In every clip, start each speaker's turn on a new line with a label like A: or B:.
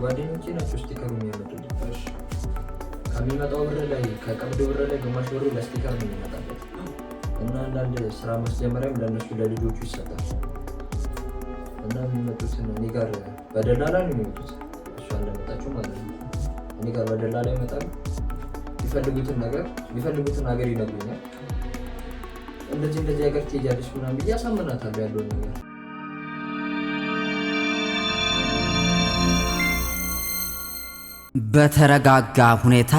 A: ጓደኞቼ ናቸው ስቲከሩ የሚያመጡት። ከሚመጣው ብር ላይ ከቀብድ ብር ላይ ግማሽ ብሩ ለስቲከር ነው የሚመጣበት እና አንዳንድ ስራ ማስጀመሪያም ለእነሱ ለልጆቹ ይሰጣል እና የሚመጡትን እኔ ጋር በደላላ ነው የሚመጡት። እሷ እንደመጣችው ማለት ነው እኔ ጋር በደላላ ይመጣል። የሚፈልጉትን ነገር የሚፈልጉትን ሀገር ይነግሩኛል። እንደዚህ እንደዚህ ሀገር ትሄጃለች ምናምን ብዬ አሳምናታለሁ ያለውን ነገር
B: በተረጋጋ ሁኔታ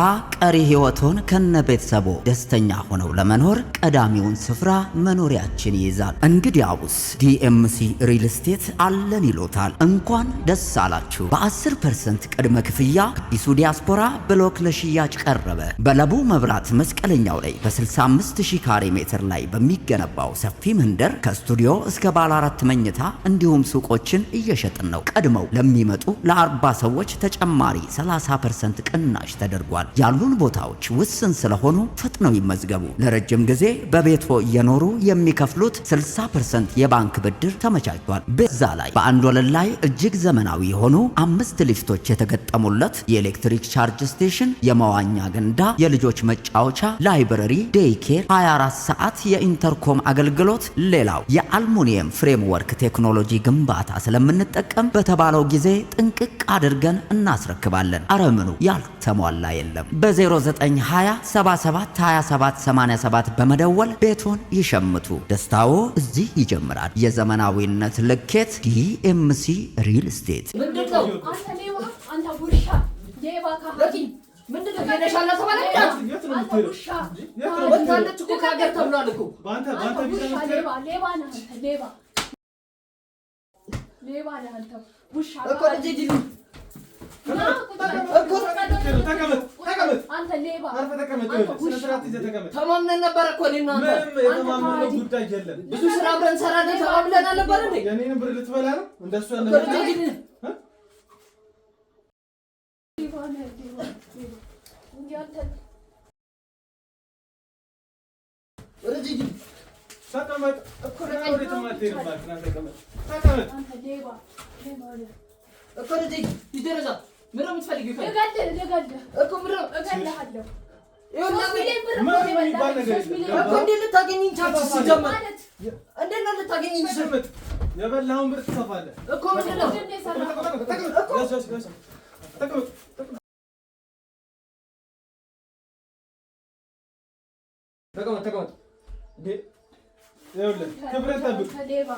B: ቀሪ ህይወቱን ከነ ቤተሰቦ ደስተኛ ሆነው ለመኖር ቀዳሚውን ስፍራ መኖሪያችን ይይዛል። እንግዲያውስ ዲኤምሲ ሪል ስቴት አለን ይሎታል። እንኳን ደስ አላችሁ። በ10 ፐርሰንት ቅድመ ክፍያ አዲሱ ዲያስፖራ ብሎክ ለሽያጭ ቀረበ። በለቡ መብራት መስቀለኛው ላይ በ65 ሺህ ካሬ ሜትር ላይ በሚገነባው ሰፊ መንደር ከስቱዲዮ እስከ ባለ አራት መኝታ እንዲሁም ሱቆችን እየሸጥን ነው። ቀድመው ለሚመጡ ለአርባ ሰዎች ተጨማሪ 30 50% ቅናሽ ተደርጓል። ያሉን ቦታዎች ውስን ስለሆኑ ፈጥነው ይመዝገቡ። ለረጅም ጊዜ በቤትዎ እየኖሩ የሚከፍሉት 60 የባንክ ብድር ተመቻችቷል። በዛ ላይ በአንድ ወለል ላይ እጅግ ዘመናዊ የሆኑ አምስት ሊፍቶች የተገጠሙለት የኤሌክትሪክ ቻርጅ ስቴሽን፣ የመዋኛ ገንዳ፣ የልጆች መጫወቻ፣ ላይብረሪ፣ ዴይኬር፣ 24 ሰዓት የኢንተርኮም አገልግሎት። ሌላው የአልሙኒየም ፍሬምወርክ ቴክኖሎጂ ግንባታ ስለምንጠቀም በተባለው ጊዜ ጥንቅቅ አድርገን እናስረክባለን። አረ እመኑ ያልተሟላ የለም። 2787 በመደወል ቤቱን ይሸምቱ። ደስታዎ እዚህ ይጀምራል። የዘመናዊነት ልኬት ዲኤምሲ ሪል ስቴት።
C: ሌባ
D: ተማምነን ነበረ እኮ
E: ጉዳይ የለም።
D: ብዙ ስራ አብረን እንሰራለን ተማምነን
E: ብር ልትበላ ነው እንደሱ ተቀመጥ እኮ ተቀመጥ
D: እኮ ልጅ ይደረዛ ምሮ የምትፈልጊ ይፈል
E: ብር ትሰፋለህ እኮ ተቀመጥ ተቀመጥ። ይኸውልህ ክብርህን
C: ጠብቅ።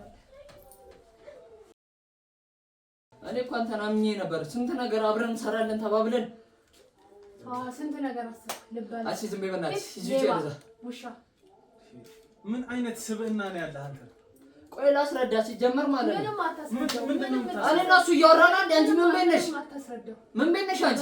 D: እኔ እኮ አንተን አምኜ ነበር። ስንት ነገር አብረን እንሰራለን ተባብለን። ስንት ነገር ዝም በይ በእናትሽ።
E: ምን አይነት ስብዕና ነው ያለ አንተ?
D: ቆይ ላስረዳ። ሲጀመር ማለት
C: ነው
E: እኔ
D: እና እሱ እያወራን አንቺ ምን ቤት ነሽ? ምን ቤት ነሽ አንቺ?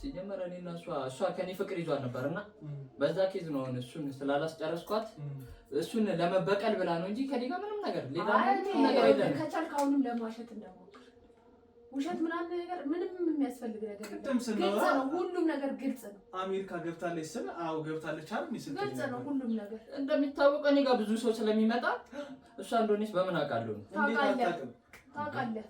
D: ሲጀመር እኔ እና እሷ እሷ ከኔ ፍቅር ይዟል ነበር እና በዛ ኬዝ ነው እሱን ስላላስጨረስኳት እሱን ለመበቀል ብላ ነው እንጂ ከኔ ጋር ምንም ነገር
C: ሌላ ምንም ነገር የለም። ከቻልክ አሁንም ለማሸት እንዳሞክር ውሸት ምናምን ነገር ምንም የሚያስፈልግ ነገር
E: ግልጽ
C: ነው። ሁሉም ነገር ግልጽ ነው።
E: አሜሪካ ገብታለች ስል አዎ ገብታለች ይስል
C: ግልጽ ነው ሁሉም ነገር።
D: እንደሚታወቀ እኔ ጋር ብዙ ሰው ስለሚመጣ እሷ እንደሆነች በምን አውቃለሁ?
C: ታውቃለህ ታውቃለህ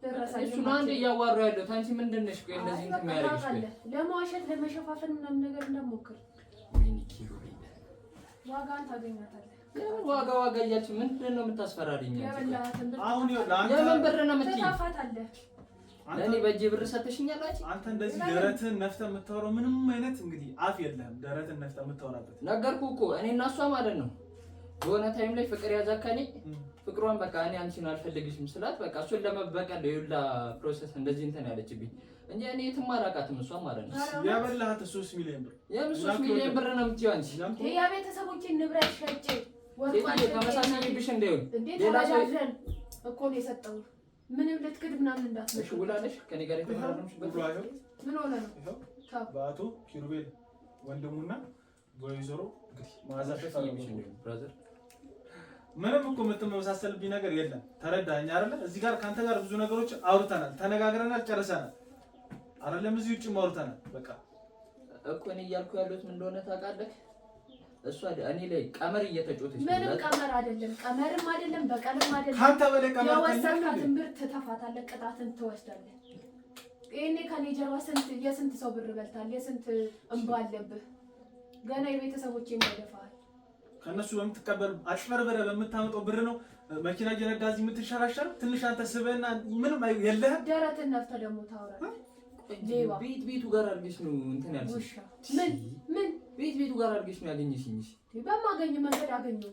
D: እሱ ነው አንዴ እያዋራሁ ያለሁት። አንቺ ምንድን ነሽ? ቆይ እንደዚህ እንትን ያደርግሽ
C: ለመዋሸት ለመሸፋፈን ምናምን ነገር እንዳትሞክር። ዋጋን ታገኛታለህ።
D: ዋጋ ዋጋ እያልሽ ምንድን ነው የምታስፈራሪኝ? አሁን የምን ብር ነው የምትይኝ? ለእኔ በእጄ ብር ሰተሽኛል።
E: አንተ እንደዚህ ደረትህን ነፍተህ የምታወራው ምንም አይነት እንግዲህ አፍ የለህም። ደረትህን ነፍተህ የምታወራበት
D: ነገርኩህ እኮ እኔ እና እሷ ማለት ነው። በሆነ ታይም ላይ ፍቅር ያዛካኔ ፍቅሯን በቃ እኔ አንቺን አልፈልግሽም ስላት በቃ እሱን ለመበቀል የሁላ ፕሮሰስ እንደዚህ እንትን ያለችብኝ እንጂ እኔ የትም አላውቃትም። እሷ ማለት ነው
E: ያበላሃት ሶስት ሚሊዮን ብር
D: የምን ሶስት ሚሊዮን ብር ነው የምትይው አንቺ?
C: የቤተሰቦችን ንብረት ሸጬ
D: ተመሳሳይብሽ እንዳይሆን
C: ሌላ እኮ ነው የሰጠው። ምንም ልትክድ ምናምን እንዳትሽ
D: ውላለሽ። ከኔ ጋር
C: ምን ሆነ ነው
E: በአቶ ኪሩቤል ወንድሙና ወይዘሮ
D: ማዛሸ ብራዘር
E: ምንም እኮ የምትመሳሰልብኝ ነገር የለም። ተረዳኝ አይደለ? እዚህ ጋር ከአንተ ጋር ብዙ ነገሮች አውርተናል፣ ተነጋግረናል፣ ጨርሰናል አይደለም? እዚህ ውጭም አውርተናል። በቃ
D: እኮ እኔ እያልኩ ያለሁት ምን እንደሆነ ታውቃለህ? እሷ እኔ ላይ ቀመር እየተጫወተች
C: ምንም ቀመር አይደለም፣ ቀመርም አይደለም፣ በቀልም አይደለም።
E: ካንተ በላይ ቀመር
C: የወሰድካትን ብር ትተፋታለህ፣ ቅጣትን ትወስዳለህ። ይሄኔ ከኔ ጀርባ ስንት የስንት ሰው ብር በልታል፣ የስንት እንባ አለብህ። ገና የቤተሰቦች የማይደፋል
E: ከነሱ በምትቀበል አጭበርበረ በምታመጣው ብር ነው መኪና እየነዳ እዚህ የምትሸራሸር። ትንሽ አንተ ስበና ምንም የለህም።
C: ደረትን ነፍተህ ደግሞ ታወራለህ።
D: ቤት ቤቱ ጋር አድርገሽ ነው እንትን
C: ያልሽኝ።
D: ምን ቤት ቤቱ ጋር አድርገሽ ነው ያገኘሽኝ?
C: በማገኝ መንገድ አገኘሁ።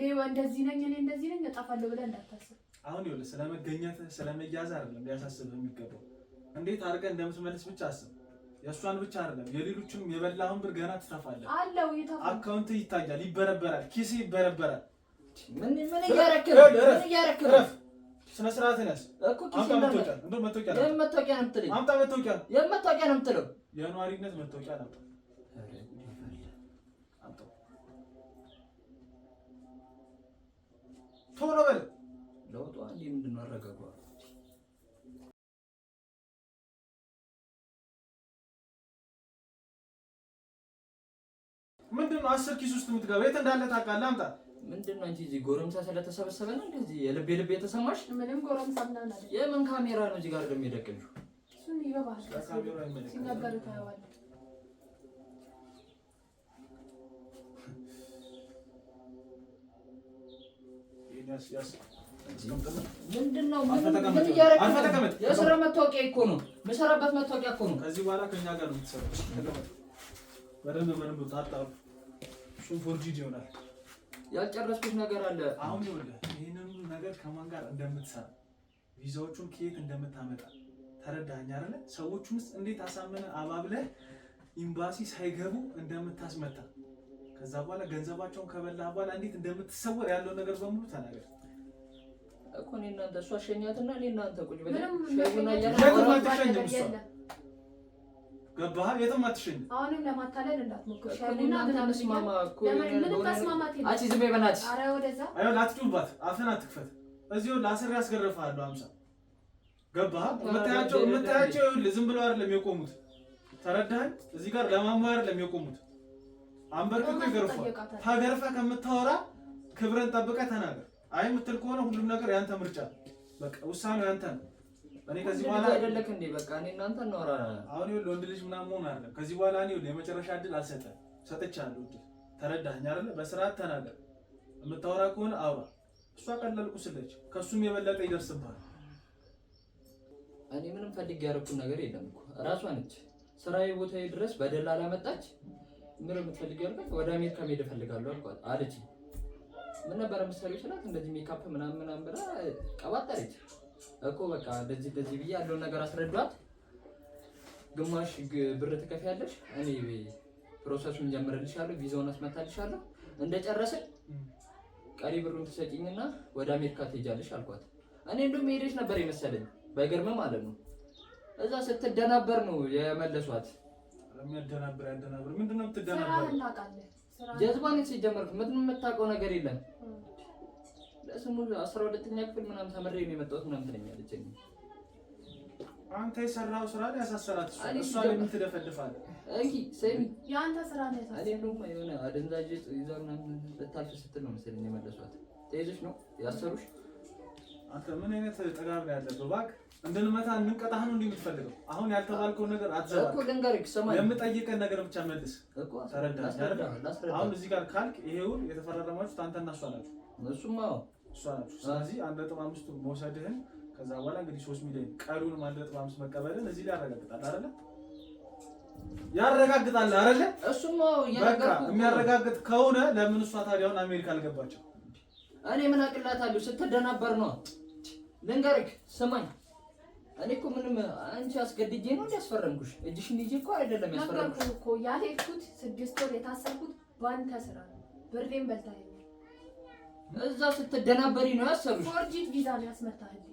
C: ሌባ እንደዚህ ነኝ እኔ እንደዚህ ነኝ እጠፋለሁ ብለህ እንዳታስብ።
E: አሁን ይኸውልህ ስለመገኘትህ ስለመያዝ አይደለም ሊያሳስብህ የሚገባው እንዴት አድርገህ እንደምትመልስ ብቻ አስብ። የእሷን ብቻ አይደለም የሌሎችም የበላሁን ብር ገና ትተፋለህ። አለው አካውንት ይታያል፣ ይበረበራል፣ ኪስ ይበረበራል።
D: ምን ምን እያረክ ምን እያረክ
E: ስነ ስርዓት ነስ እኮ ኪስ መታወቂያ እንደው መታወቂያ
D: ነው መታወቂያ ነው የምትለው አምጣ መታወቂያ የመታወቂያ ነው የምትለው
E: የኗሪነት መታወቂያ ነው ቶሎ በል
D: ለውጧ እንዴ ምንድን ነው አረጋጓ
E: ምንድን ነው አስር ኪስ ውስጥ የምትገባ የት እንዳለ ታውቃለህ? አምጣ።
D: ምንድን ነው አንቺ እዚህ ጎረምሳ ስለተሰበሰበ ነው እንደዚህ የልብ የልብ የተሰማሽ?
C: ምንም ጎረምሳ ምናምን አይደል።
D: የምን ካሜራ ነው እዚህ ጋር ደግሞ የደቀንሽው?
C: እሱን ይገባሃል። ሲናገር ታየዋለህ።
D: ምንድን ነው ምን እያደረግህ? የስራ መታወቂያ እኮ ነው የምሰራበት መታወቂያ እኮ ነው።
E: ከዚህ በኋላ ከእኛ ጋር ነው የምትሰራው። በደንብ በደንብ ታጣሉ። እሱም ጂጂ ይሆናል።
D: ያልጨረስኩት ነገር አለ።
E: አሁን ይኸውልህ ይህንን ሁሉ ነገር ከማን ጋር እንደምትሰራ ቪዛዎቹን ከየት እንደምታመጣ ተረዳኸኝ አይደለ? ውስጥ እንዴት አሳመነ አባብለህ ኢምባሲ ሳይገቡ እንደምታስመታ ከዛ በኋላ ገንዘባቸውን ከበላ በኋላ እንዴት እንደምትሰወር ያለው ነገር በሙሉ ተናገር
D: እኮ እኔ እናንተ እሷ ሸኛትና እኔ እናንተ ቁጭ ብለን
E: ገባህ? የትም አትሸኝም።
C: አሁንም ለማታለል እንዳትሞክር።
E: አትጩባት፣ አፍህን አትክፈት። እዚሁ ላስሬ ያስገርፍሃለሁ። አምሳ ገባህ? የምታያቸው የምታያቸው ዝም ብለው አይደለም የቆሙት። ተረዳኸኝ? እዚህ ጋር ለማማር አይደለም የቆሙት። አንበርክኮ ይገርፏል። ተገርፈህ ከምታወራ ክብረን ጠብቀህ ተናገር። አይ የምትል ከሆነ ሁሉም ነገር ያንተ ምርጫ፣ በቃ ውሳኔው ያንተ ነው።
D: እኔ ከዚህ በኋላ አይደለክ እንዴ? በቃ እኔ እናንተ እናወራ።
E: አሁን ይኸውልህ ወንድ ልጅ ምናምን መሆን አለ። ከዚህ በኋላ እኔ የመጨረሻ እድል አልሰጠህ፣ ሰጥቻለሁ። እድል ተረዳኸኝ አይደለ? በስርዓት ተናገር። የምታወራ ከሆነ አውራ። እሷ ቀለልኩ ስለች ከሱም የበለጠ ይደርስባል
D: እኔ ምንም ፈልጌ ያደረኩት ነገር የለም እኮ እራሷ ነች። ስራዬ ቦታዬ ድረስ በደላላ መጣች። ምን የምትፈልጊ ያልኳት ወደ አሜሪካ መሄድ እፈልጋለሁ አልኳት አለች። ምን ነበር የምትሰሪው ስላት እንደዚህ ሜካፕ ምናምን ምናምን ብላ ቀባጠረች። እኮ በቃ እንደዚህ እንደዚህ ብዬ ያለውን ነገር አስረዷት። ግማሽ ብር ትከፍያለሽ፣ እኔ ፕሮሰሱን ጀምርልሻለሁ፣ ቪዛውን አስመታልሻለሁ። እንደጨረስን ቀሪ ብሩን ትሰጪኝና ወደ አሜሪካ ትሄጃለሽ አልኳት። እኔ እንደውም ሄደች ነበር የመሰለኝ በግርም ማለት ነው። እዛ ስትደናበር ነው የመለሷት።
E: የሚያደናብር ያደናብር ምንድን ነው የምትደናበር?
D: ጀዝባኔ ሲጀመር ምንም የምታውቀው ነገር የለም ስሙን አስራ ሁለተኛ ክፍል ምናምን ተምሬ ነው የመጣሁት ምናምን ትለኛለች።
E: አንተ የሰራው ስራ ላይ ያሳሰራት እሷ ለምን ትደፈልፋለህ?
D: አደንዛዥ ይዛ ምናምን ልታልፍ ስትል ነው መሰለኝ የመለሷት። ተይዘሽ ነው ያሰሩሽ።
E: አንተ ምን አይነት ጥጋብ ላይ ያለብህ እባክህ። እንድንመታ እንንቀጣህ ነው እንዴ የምትፈልገው? አሁን ያልተባልከውን ነገር አትዘባ እኮ የምጠይቀን ነገር ብቻ መልስ ተረዳ። አሁን እዚህ ጋር ካልክ ይሄውን የተፈራረማችሁት አንተና እሷ ናችሁ። እሱማ እሷ ናችሁ። ስለዚህ አንድ ነጥብ አምስቱ መውሰድህን ከዛ በኋላ እንግዲህ ሶስት ሚሊዮን ቀሪውን አንድ ነጥብ አምስት መቀበልን እዚህ ላይ ያረጋግጣል አይደለ? ያረጋግጣል አይደለ? እሱማ በቃ የሚያረጋግጥ ከሆነ ለምን እሷ ታዲያውን አሜሪካ አልገባቸው?
D: እኔ ምን አቅላታለሁ? ስትደናበር ነው። ልንገርህ፣ ስማኝ እኔ እኮ ምንም አንቺ አስገድጄ ነው እንዲያስፈረምኩሽ። እጅሽን ይዤ እኮ አይደለም
C: ያስፈረምኩሽ እኮ ያልሄድኩት ስድስት ወር የታሰርኩት ባንተ ስራ ብሬን በልታ
D: እዛ ስትደናበሪ ነው ያሰሩሽ።
C: ፎርጂት ቪዛ ነው ያስመታኝ።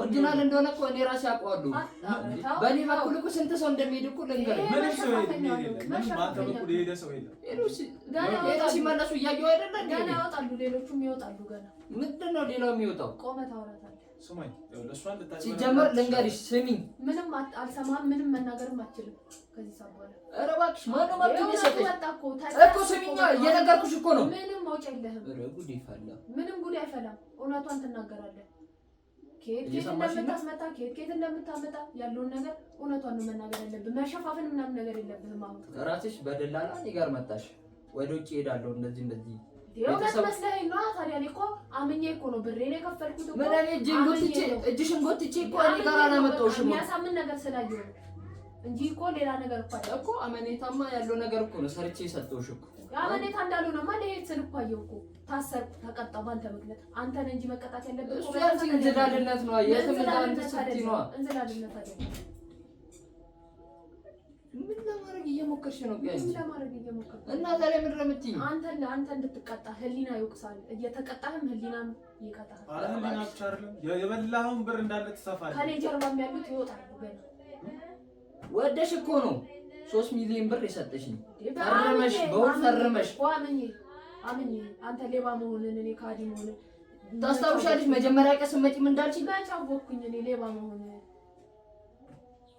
D: ኦሪጂናል እንደሆነ እኮ እኔ ራሴ አውቀዋለሁ። በእኔ በኩል እኮ ስንት ሰው እንደሚሄድ እኮ ልንገርህ።
E: ሲመለሱ እያየሁ አይደለ?
C: ገና ያወጣሉ፣ ሌሎቹም ይወጣሉ። ገና
D: ምንድን ነው ሌላው የሚወጣው?
C: ቆመት አውራታ
D: ሲጀመር ልንገርሽ፣ ስሚኝ፣
C: ምንም አልሰማህም፣ ምንም መናገርም አችልም ከዚህ
D: እኮ ስሚኝ፣ እየነገርኩሽ እኮ ነው።
C: ምንም የለህም። ምንም ጉድ አይፈላም። እውነቷን ትናገራለህ። ከየት ከየት እንደምታስመጣ ከየት ከየት እንደምታመጣ ያለውን ነገር እውነቷን መናገር ያለብህ። ምናምን ነገር የለብህም።
D: አሁን እራስሽ በደላላ እኔ ጋር መጣሽ፣ ወደ ውጭ እሄዳለሁ እንደዚህ እንደዚህ
C: የእውነት መስለኸኝ ነዋ። ታዲያ እኔ እኮ አምኜ እኮ ነው ብሬን የከፈልኩት
D: እኮ እጅሽን ጎትቼ እኮ እኔ ጋር አላመጣሁሽም
C: የሚያሳምን ነገር ስላየሁ እንጂ እኮ ሌላ ነገር እኮ አይደለም
D: እኮ። አመኔታማ ያለው ነገር እኮ ነው ሰርቼ የሰጠሁሽ እኮ።
C: አመኔታ እንዳልሆነማ ልሄድ ስል እኮ አየሁ እኮ ታሰርኩ፣ ተቀጣሁ በአንተ ምክንያት። አንተ ነህ እንጂ መቀጣት ያለብህ
D: እኮ እንዝላልነት ነዋ። የትም እንዝላልነት ስትይ ነዋ።
C: እንዝላልነት አይደለም ምን ለማድረግ እየሞከርሽ ነው? ምን ለማድረግ እየሞከርሽ
D: እና ዛሬ ምን ረምትኝ?
C: አንተ አንተ እንድትቀጣ ህሊና ይወቅሳል። እየተቀጣህም ህሊናም ይቀጣል።
E: አረ ህሊና ብቻ የበላኸውን ብር እንዳለ ትሰፋለህ።
C: ከኔ ጀርባም ያሉት ይወጣል።
D: ወደሽ እኮ ነው ሶስት ሚሊዮን ብር የሰጠሽኝ። ፈርመሽ በውል ፈርመሽ
C: አምኜ አምኜ አንተ ሌባ መሆንን እኔ ካዲ መሆንን
D: ታስታውሻለሽ? መጀመሪያ ቀን ስትመጪም እንዳልሽኝ
C: እኔ ሌባ መሆንን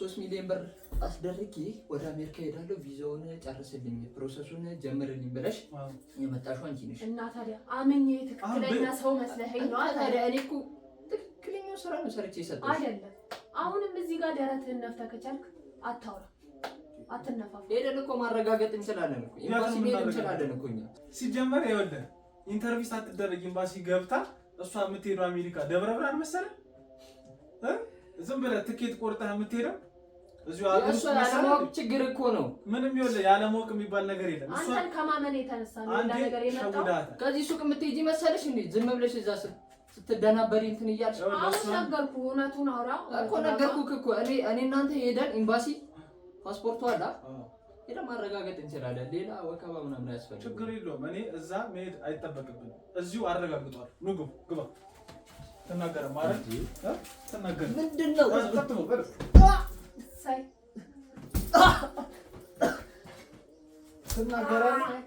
D: ሶስት ሚሊዮን ብር አስደርጌ ወደ አሜሪካ ሄዳለሁ፣ ቪዛውን ጨርስልኝ፣ ፕሮሰሱን ጀምርልኝ ብለሽ የመጣሽው አንቺ
C: ነሽ። እና ታዲያ አመኜ ትክክለኛ ሰው መስለኸኝ ነው። ታዲያ እኔ እኮ
D: ትክክለኛው ስራ ነው ሰርቼ የሰጠሁሽ
C: አይደለም። አሁንም እዚህ ጋር ደረትህን ነፍተህ ከቻልክ አታውራ፣ አትነፋ።
D: ሄደን እኮ ማረጋገጥ እንችላለን እኮ ኢምባሲ ሄድ እንችላለን እኮ እኛ።
E: ሲጀመር ይኸውልህ ኢንተርቪው ሳትደረግ ኤምባሲ ገብታ እሷ የምትሄደው አሜሪካ ደብረ ብርሃን መሰለህ ዝም ብለህ ትኬት ቆርጠህ የምትሄደው
D: ያለማወቅ ችግር እኮ ነው።
E: ምንም ይኸውልህ፣ ያለማወቅ የሚባል ነገር የለም።
C: አንተን ከማመን የተነሳ ነው ነገር
E: የመጣው።
D: ከዚህ ሱቅ የምትሄጂ መሰለሽ? እንዴ? ዝም ብለሽ እዛ ስትደናበሪ እንትን እያልሽ
C: አሁን ነገርኩህ። እውነቱን አውራ
D: እኮ ነገርኩህ እኮ እኔ እናንተ ሄደን ኤምባሲ ፓስፖርቱ አላ ሄደን ማረጋገጥ እንችላለን። ሌላ ወከባ ምናምን አያስፈልግም።
E: ችግር የለውም። እኔ እዛ መሄድ አይጠበቅብን። እዚሁ አረጋግጧል። ኑ ግባ። ትናገረ ማለት ትናገረ
D: ምንድን ነው
C: ሳይ
E: ትናገራለህ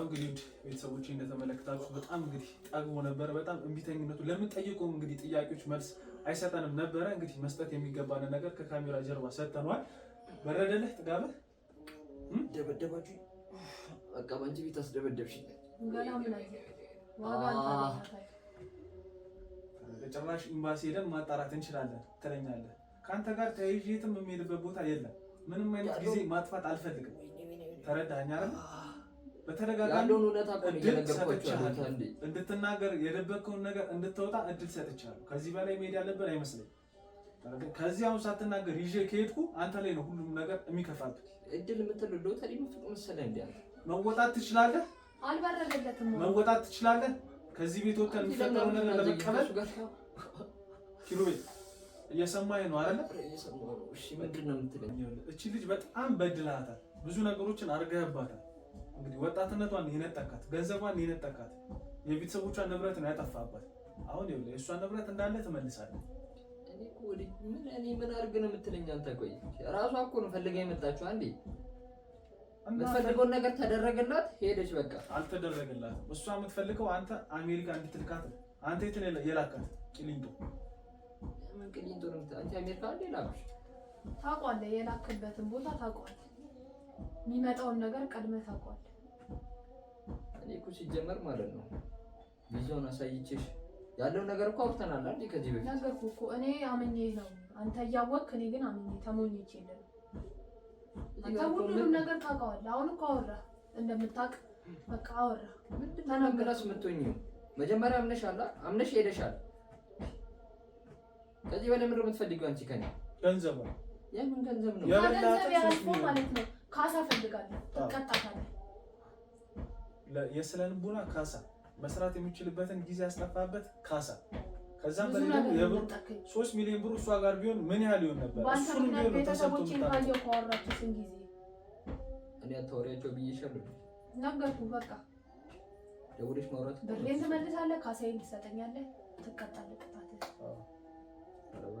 E: እንግዲህ ቤተሰቦች እንደተመለከታችሁ በጣም እንግዲህ ጠግቦ ነበረ። በጣም እምቢተኝነቱ ለምን እንግዲህ ጥያቄዎች መልስ አይሰጠንም ነበረ። እንግዲህ መስጠት የሚገባንን ነገር ከካሜራ ጀርባ ሰጠኗል። በረደለህ ጥጋብህ
D: ደበደባችሁ በቃ በአንቺ ቤት አስደበደብሽኝ።
E: በጭራሽ ኤምባሲ ሄደን ማጣራት እንችላለን ትለኛለህ። ከአንተ ጋር ተያይዤ የትም የሚሄድበት ቦታ የለም። ምንም አይነት ጊዜ ማጥፋት አልፈልግም። ተረዳኸኝ አይደል? በተደጋጋሚ እድል ሰጥቻለሁ እንድትናገር፣ የደበቅከውን ነገር እንድትወጣ እድል ሰጥቻለሁ። ከዚህ በላይ መሄድ ያለብን አይመስለኝም። ከዚህ አሁን ሳትናገር ይዤ ከሄድኩ አንተ ላይ ነው ሁሉም ነገር የሚከፋብህ።
D: እድል የምትልለው ተሪ መሰለህ እንዲ
E: መወጣት ትችላለህ?
C: አልበረደለትም።
E: መወጣት ትችላለህ? ከዚህ ቤት ወጥተን
D: የሚፈጠረው ነገር
E: ለመቀበል ኪሎ ቤት እየሰማኝ ነው አይደለ? እሺ፣ ምንድን ነው የምትለኝ? እቺ ልጅ በጣም በድላታል። ብዙ ነገሮችን አድርገህባታል። እንግዲህ ወጣትነቷን የነጠቃት፣ ገንዘቧን የነጠቃት፣ የቤተሰቦቿን ንብረት ነው ያጠፋባት። አሁን ይኸውልህ የእሷን ንብረት እንዳለ ትመልሳለህ።
D: እኔ ምን አድርግ ነው የምትለኝ አንተ? ቆይ ራሷ እኮ ነው ፈልጋ የመጣችው አንዴ የምትፈልገውን ነገር ተደረገላት፣ ሄደች። በቃ
E: አልተደረገላት። እሷ የምትፈልገው አንተ አሜሪካ እንድትልካት አንተ የት ነው የላካት? ቅሊንጦ።
D: ምን ቅሊንጦ ነው? አንተ አሜሪካ አለ ላክሽ
C: ታውቋለህ። የላክበትን ቦታ ታውቋለህ። የሚመጣውን ነገር ቀድመህ ታውቋለህ። እኔ እኮ ሲጀመር ማለት ነው ቪዛውን አሳይቼሽ ያለው ነገር እኮ አውርተናል። አይደል? ከዚህ በፊት ነገርኩህ እኮ እኔ አምኜ ነው አንተ እያወቅህ፣ እኔ ግን አምኜ ተሞኝቼ የለም ሁሉንም ነገር ታውቀዋለህ። አሁን እኮ አወራህ እንደምታውቅ በቃ አወራህ። ተናገራስ ምትኝ መጀመሪያ አምነሽ አላ አምነሽ ሄደሻል። ከዚህ በላይ ምንድን ነው የምትፈልጊው አንቺ ከእኔ? ገንዘብ ነው። የምን ገንዘብ ነው? ገንዘብ ያልፎ ማለት ነው። ካሳ ፈልጋለሁ። ትቀጣታለህ። የስነ ልቦና ካሳ መስራት የሚችልበትን ጊዜ ያስጠፋበት ካሳ ከዛም በላይ ደግሞ የብር ሶስት ሚሊዮን ብር እሷ ጋር ቢሆን ምን ያህል ይሆን ነበር? እሱን ቢሆን ተሰጥቶ እኔ አታወሪያቸው ብዬሻለሁ። ነገርኩህ በቃ ደውለሽ ማውራት ብሬን ትመልሳለህ፣ ካሳዬን ትሰጠኛለህ፣ ትቀጣለህ። ቅጣት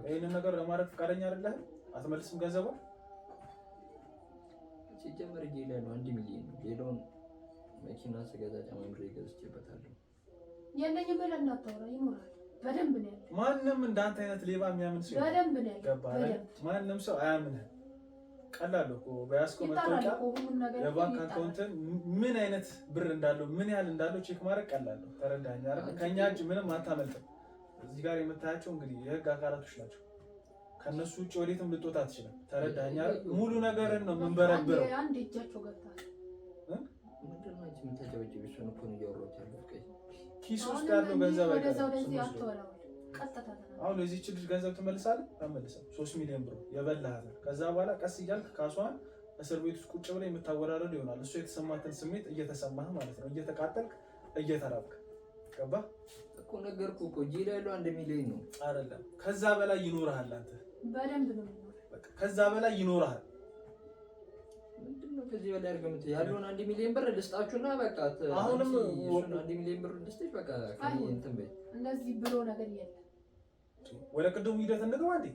C: ይህንን ነገር ለማድረግ ፈቃደኛ አይደለህም። አትመልስም ገንዘቧ ሲጀመር ጌ ላይ ነው። አንድ ሚሊዮን ሌላውን መኪና ስገዛ ጫማ ምሬ ገዝቼበታለሁ። የለኝም ብለህ እንዳታወራ ይኖራል በደንብ ነው ያለው። ማንም እንዳንተ አይነት ሌባ የሚያምን ሰው በደንብ ነው ያለው። ማንም ሰው አያምንህ። ቀላል እኮ በያዝከው መታወቂያ የባንክ አካውንትን ምን አይነት ብር እንዳለው ምን ያህል እንዳለው ቼክ ማድረግ ቀላል ነው። ተረዳኸኝ? ከእኛ እጅ ምንም አታመልጥም። እዚህ ጋር የምታያቸው እንግዲህ የህግ አካላቶች ናቸው። ከነሱ ውጭ ወዴትም ልትወጣ አትችልም። ተረዳኸኝ? ሙሉ ነገርን ነው የምንበረብረው። አንድ እጃቸው ገብታል ኪሱ ውስጥ ያለው ገንዘብ አሁን እዚች ልጅ ገንዘብ ትመልሳለህ? አትመልስም። ሶስት ሚሊዮን ብሮ የበላህ ከዛ በኋላ ቀስ እያልክ ካሷን እስር ቤት ውስጥ ቁጭ ብለህ የምታወራረድ ይሆናል። እሱ የተሰማትን ስሜት እየተሰማህ ማለት ነው። እየተቃጠልክ እየተራብክ ገባህ እኮ ነገርኩህ እኮ እጄ ያለው አንድ ሚሊዮን ነው አይደለም፣ ከዛ በላይ ይኖርሃል። አንተ በደንብ ነው ከዛ በላይ ይኖርሃል ከዚህ በላይ አድርገህ የምትይው ያለውን አንድ ሚሊዮን ብር ልስጣችሁና በቃ አሁንም አንድ ሚሊዮን ብር ልስጥሽ በቃ እንትን በይ። እንደዚህ ብሎ ነገር የለም። ወደ ቅድሙ ሂደት እንግባ። እንደ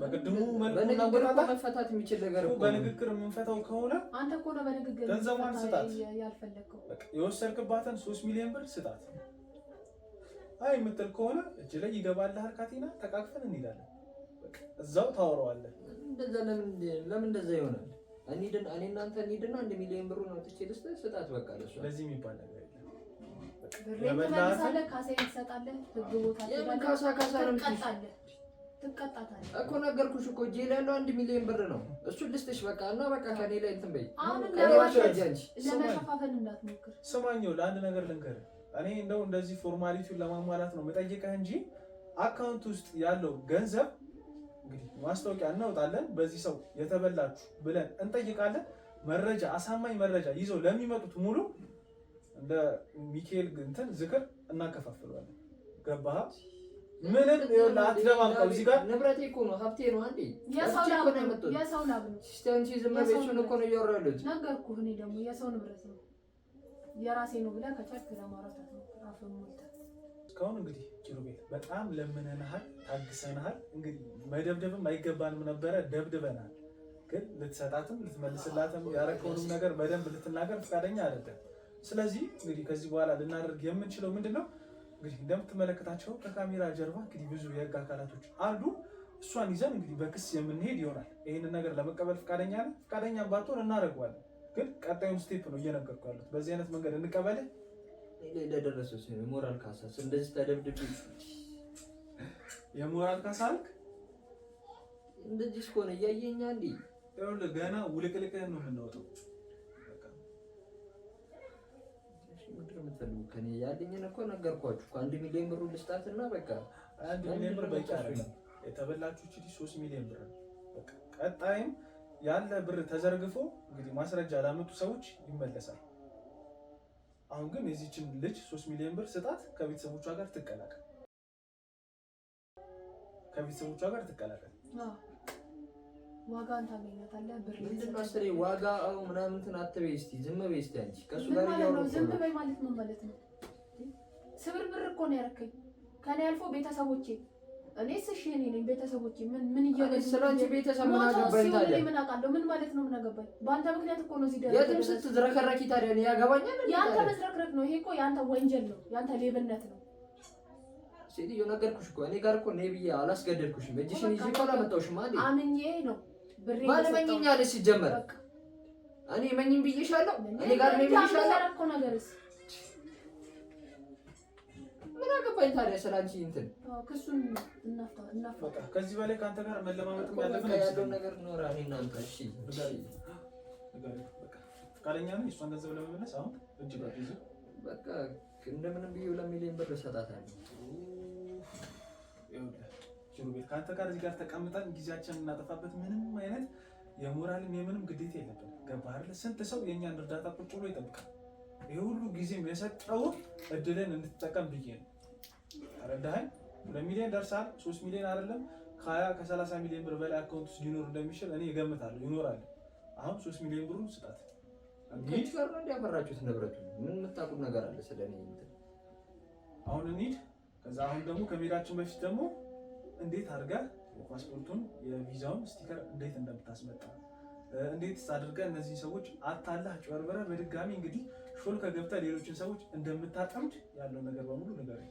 C: በቅድሙ በንግግር መፈታት የሚችል ነገር እኮ በንግግር የምንፈታው ከሆነ አንተ እኮ ነው በንግግር ገንዘቧን ስጣት። ያልፈለግከው የወሰድክባትን ሶስት ሚሊዮን ብር ስጣት። አይ የምትል ከሆነ እጅ ላይ ይገባል። አርካቴና ተቃቅፈን እንሄዳለን። እዛው ታወራዋለህ። ለምን እንደዛ ይሆናል? እንሂድና እኔ እናንተ እንሂድና አንድ ሚሊዮን ብሩን አውጥቼ ልስጥ ስጣት። በቃ ለእሷ ለዚህ የሚባል ነገር የለም። እኮ ነገርኩሽ እኮ እጄ ያለው አንድ ሚሊዮን ብር ነው። እሱን ልስጥሽ በቃ እና በቃ ከኔ ላይ እንትን በይ። ስማኝ ለአንድ ነገር ልንገርህ። እኔ እንደው እንደዚህ ፎርማሊቲውን ለማሟላት ነው የምጠይቀህ እንጂ አካውንት ውስጥ ያለው ገንዘብ እንግዲህ ማስታወቂያ እናወጣለን። በዚህ ሰው የተበላችሁ ብለን እንጠይቃለን። መረጃ አሳማኝ መረጃ ይዘው ለሚመጡት ሙሉ እንደ ሚካኤል ግንትን ዝክር እናከፋፍለዋለን። ገባህ? ምንም ይኸውልህ፣ እዚህ ጋር ንብረቴ እኮ ነው፣ ሀብቴ ነው። አንዴ የሰው ላብ ነው፣ የሰው ላብ ነው። ዝም ብለሽ እኮ ነው ነገርኩህ። እኔ ደግሞ የሰው ንብረት ነው የራሴ ነው ብለህ ከቻልክ ለማውራት ነው ሞልተህ እስካሁን እንግዲህ ኪሩቤል በጣም ለምነናሃል፣ ታግሰናሃል። እንግዲህ መደብደብም አይገባንም ነበረ፣ ደብድበናል። ግን ልትሰጣትም ልትመልስላትም ያረከውንም ነገር በደንብ ልትናገር ፈቃደኛ አይደለም። ስለዚህ እንግዲህ ከዚህ በኋላ ልናደርግ የምንችለው ምንድን ነው? እንግዲህ እንደምትመለከታቸው ከካሜራ ጀርባ እንግዲህ ብዙ የህግ አካላቶች አሉ። እሷን ይዘን እንግዲህ በክስ የምንሄድ ይሆናል። ይህንን ነገር ለመቀበል ፈቃደኛ ነህ? ፈቃደኛ ባትሆን እናደርገዋለን። ግን ቀጣዩን ስቴፕ ነው እየነገርኩ ያሉት። በዚህ አይነት መንገድ እንቀበልህ እንደደረሰ ሲሆን የሞራል ካሳስ እንደዚህ ተደብድብ የሞራል ካሳ አልክ? እንደዚህ እስከሆነ እያየኛ እንዲ ይኸውልህ፣ ገና ውልቅልቅህን ነው የምናወጣው። ምትፈልጉ ከኔ ያለኝን እኮ ነገርኳችሁ። አንድ ሚሊዮን ብሩ ልስጣት እና በቃ አንድ ሚሊዮን ብር በቂ አይደለም። የተበላችሁ ቺቲ ሶስት ሚሊዮን ብር በቃ ቀጣይም ያለ ብር ተዘርግፎ እንግዲህ ማስረጃ ላመጡ ሰዎች ይመለሳል። አሁን ግን የዚችን ልጅ ሶስት ሚሊዮን ብር ስጣት፣ ከቤተሰቦቿ ጋር ትቀላቀል። ከቤተሰቦቿ ጋር ትቀላቀል። ዋጋን ታገኛታለህ። ብር ምንድን ነው ዋጋ አው ምናምን እንትን አትበይ እስኪ፣ ዝም በይ ጋር ማለት ምን ማለት ነው? ስብርብር እኮ ነው ያረከኝ ከኔ አልፎ ቤተሰቦቼ እኔ ስሽ እኔ ነኝ። ቤተሰቦች ምን ምን እያለች ስለአንቺ ቤተሰብ ምን አገባኝ? ታዲያ ምን አውቃለሁ? ምን ማለት ነው? ምን አገባኝ? በአንተ ምክንያት እኮ ነው እዚህ ደረጃ የትም ስትዝረከረኪ። ታዲያ እኔ ያገባኛል? እንዴ ያንተ መዝረክረክ ነው ይሄ እኮ ያንተ ወንጀል ነው፣ ያንተ ሌብነት ነው። ሴትዮ ነገርኩሽ እኮ እኔ ጋር እኮ ነይ ብዬ አላስገደድኩሽም። እጅሽን ይዤ እኮ አላመጣሁሽም። ማለት አምኜ ነው ብሬ ማለት መኝኛለሽ። ሲጀመር እኔ መኝም ብዬሻለሁ። እኔ ጋር ነይ ብዬሻለሁ። ነገርስ ገባኝ። ታዲያ ስለ እንትን ከዚህ በላይ ከአንተ ጋር መለማመጥ ያለውን ነገር ኖራል። እናንተ እሺ፣ ፈቃደኛ ነኝ እሷን ገንዘብ ለመመለስ አሁን እጅ ጋር በቃ እንደምንም ብዬ ለሚሊዮን ብር እሰጣታለሁ። ከአንተ ጋር እዚህ ጋር ተቀምጠን ጊዜያችን እናጠፋበት ምንም አይነት የሞራልም የምንም ግዴታ የለብን። ገባህ? ስንት ሰው የእኛን እርዳታ ቁጭ ብሎ ይጠብቃል። ይህ ሁሉ ጊዜም የሰጠውን እድልን እንድትጠቀም ብዬ ነው። ተረዳኸኝ? ሁለት ሚሊዮን ደርሳል፣ ሶስት ሚሊዮን አይደለም ከሀያ ከሰላሳ ሚሊዮን ብር በላይ አካውንት ውስጥ ሊኖር እንደሚችል እኔ እገምታለሁ። ይኖራል። አሁን ሶስት ሚሊዮን ብሩን ስጣት። ከየት ጋር ነው እንዲያፈራችሁት ንብረቱ? ምን የምታውቁት ነገር አለ ስለ እኔ? አሁን እንሂድ። ከዛ አሁን ደግሞ ከሜዳችን በፊት ደግሞ እንዴት አድርገህ የፓስፖርቱን የቪዛውን ስቲከር እንዴት እንደምታስመጣ እንዴት አድርገህ እነዚህ ሰዎች አታላህ ጭበርበረ በድጋሚ እንግዲህ ሾልከ ገብተህ ሌሎችን ሰዎች እንደምታጠምድ ያለው ነገር በሙሉ ንገረኝ።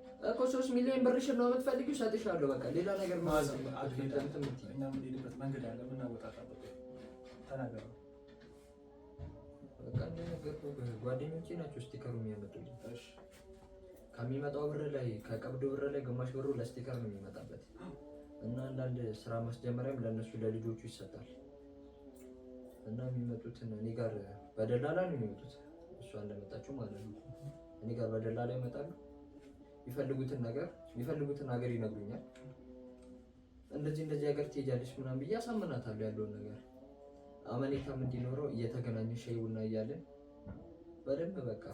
C: እኮ ሶስት ሚሊዮን ብርሽን ነው የምትፈልጊው፣ እሰጥሻለሁ። በቃ ሌላ ነገር ጓደኞቼ ናቸው ስቲከሩ የሚያመጡልኝ። ከሚመጣው ብር ላይ ከቀብድ ብር ላይ ግማሽ ብሩ ለስቲከር ነው የሚመጣበት እና አንዳንድ ስራ ማስጀመሪያም ለእነሱ ለልጆቹ ይሰጣል እና የሚመጡትን እኔ ጋር በደላላ ነው የሚመጡት። እሷ እንደመጣችው ማለት ነው እኔ ጋር በደላላ ይመጣሉ። የሚፈልጉትን ነገር የሚፈልጉትን ሀገር ይነግሩኛል። እንደዚህ እንደዚህ ሀገር ትሄጃለች ምናምን ብዬ አሳምናታለሁ። ያለውን ነገር አመኔታም እንዲኖረው እየተገናኘ ሻይ ቡና እያለን በደንብ በቃ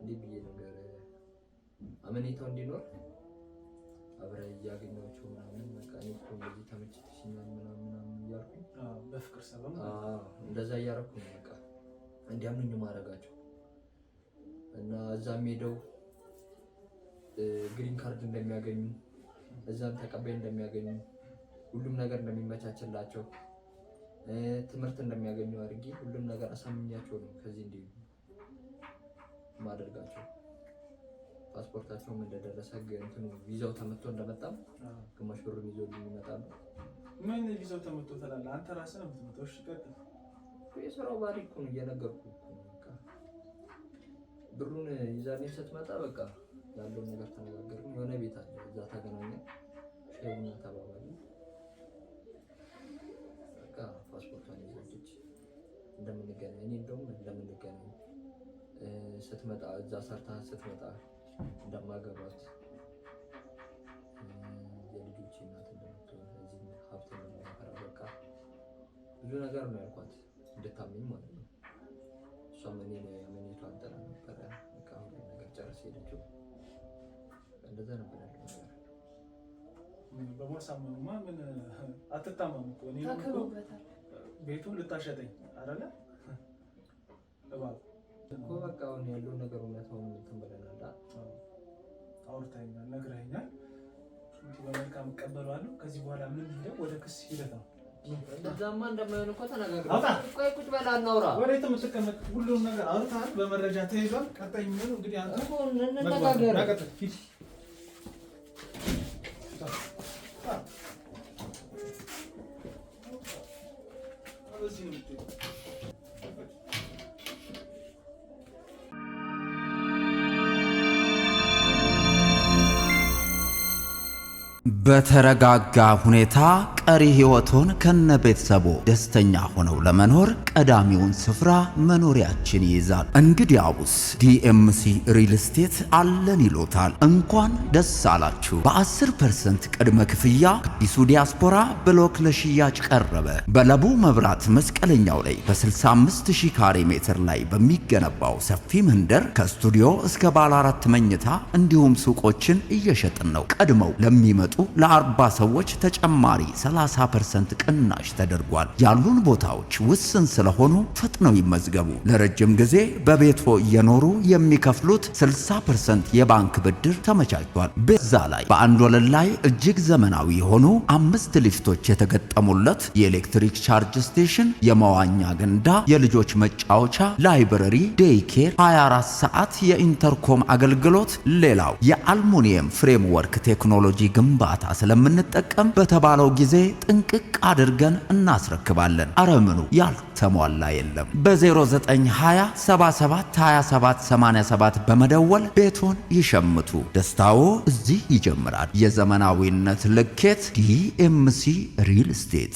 C: እንዲህ ብዬ ነገር አመኔታው እንዲኖር አብረ እያገኘኋቸው ምናምን በቃ እኔ እኮ እንደዚህ ተመችተሽኛል ምናምን ምናምን እያልኩኝ በፍቅር ሰበብ እንደዛ እያደረኩ ነው በቃ እንዲያምኑኝ ማድረጋቸው እና እዛም ሄደው ግሪን ካርድ እንደሚያገኙ እዛም ተቀባይ እንደሚያገኙ ሁሉም ነገር እንደሚመቻችላቸው ትምህርት እንደሚያገኙ አድርጌ ሁሉም ነገር አሳምኛቸው ነው ከዚህ እንዲ ማደርጋቸው። ፓስፖርታቸውም እንደደረሰ እንትኑ ቪዛው ተመቶ እንደመጣም ግማሽ ብሩን ይዞ ይመጣሉ። ምን ቪዛው ተመቶ ትላለህ አንተ ራስህ ነው የምትመጣው? እሺ ቀጥል። የስራው ባህሪ እኮ ነው እየነገርኩህ። ብሩን ይዛኔ ስትመጣ በቃ ያለውን ነገር ተነጋገርን። የሆነ ቤት አለ፣ እዛ ተገናኘ ሻይ ቡና በቃ ፓስፖርቷን ይዛለች እንደምንገናኝ፣ እኔ እንደውም እንደምንገናኝ ስትመጣ፣ እዛ ሰርታ ስትመጣ እንደማገባት የልጆች እናት እንደምትሆን እዚህ ሀብት እንደሚያፈራ በቃ ብዙ ነገር ነው ያልኳት እንድታምኝ ማለት ነው። እሷም እኔ መኔቷ አንጠና ነበረ። በቃ ሁሉ ነገር ጨርስ ሄደችው እንደዛ ነበር ያለው በማሳመኑማ ምን አትታመሙ እኮ እኔ ቤቱን ልታሸጠኝ አይደለ? እባብ እኮ በቃ አሁን ያለውን ነገር እውነት እንትን ብለናል። አውርተኸኛል፣ ነግረኸኛል። በመልካም እቀበለዋለሁ። ከዚህ በኋላ ምን ሄደው ወደ ክስ ሂደት ነው። እንደዛማ እንደማይሆን እኮ ተነጋግረን ቆይ ቁጭ በላ እናውራ። ወዴት የምትቀመጥ ሁሉም ነገር አውርተሃል፣ በመረጃ ተይዟል። ቀጣይ የሚሆን እንግዲህ አንተ እኮ እንነጋገር በተረጋጋ ሁኔታ ቀሪ ሕይወቶን ከነ ቤተሰቡ ደስተኛ ሆነው ለመኖር ቀዳሚውን ስፍራ መኖሪያችን ይይዛል። እንግዲያውስ ዲኤምሲ ሪል ስቴት አለን ይሎታል። እንኳን ደስ አላችሁ። በ10 ፐርሰንት ቅድመ ክፍያ አዲሱ ዲያስፖራ ብሎክ ለሽያጭ ቀረበ። በለቡ መብራት መስቀለኛው ላይ በ65000 ካሬ ሜትር ላይ በሚገነባው ሰፊ መንደር ከስቱዲዮ እስከ ባለ አራት መኝታ እንዲሁም ሱቆችን እየሸጥን ነው። ቀድመው ለሚመጡ ለአርባ ሰዎች ተጨማሪ 30 ፐርሰንት ቅናሽ ተደርጓል። ያሉን ቦታዎች ውስን ስለሆኑ ውስጥ ነው ይመዝገቡ። ለረጅም ጊዜ በቤትፎ እየኖሩ የሚከፍሉት 60% የባንክ ብድር ተመቻችቷል። በዛ ላይ በአንድ ወለል ላይ እጅግ ዘመናዊ የሆኑ አምስት ሊፍቶች የተገጠሙለት የኤሌክትሪክ ቻርጅ ስቴሽን፣ የመዋኛ ገንዳ፣ የልጆች መጫወቻ፣ ላይብረሪ፣ ዴይ ኬር፣ 24 ሰዓት የኢንተርኮም አገልግሎት። ሌላው የአልሙኒየም ፍሬምወርክ ቴክኖሎጂ ግንባታ ስለምንጠቀም በተባለው ጊዜ ጥንቅቅ አድርገን እናስረክባለን። አረምኑ ያልተሟላ የለም። አይደለም። በ0920772787 በመደወል ቤቱን ይሸምቱ። ደስታዎ እዚህ ይጀምራል። የዘመናዊነት ልኬት ዲኤምሲ ሪል ስቴት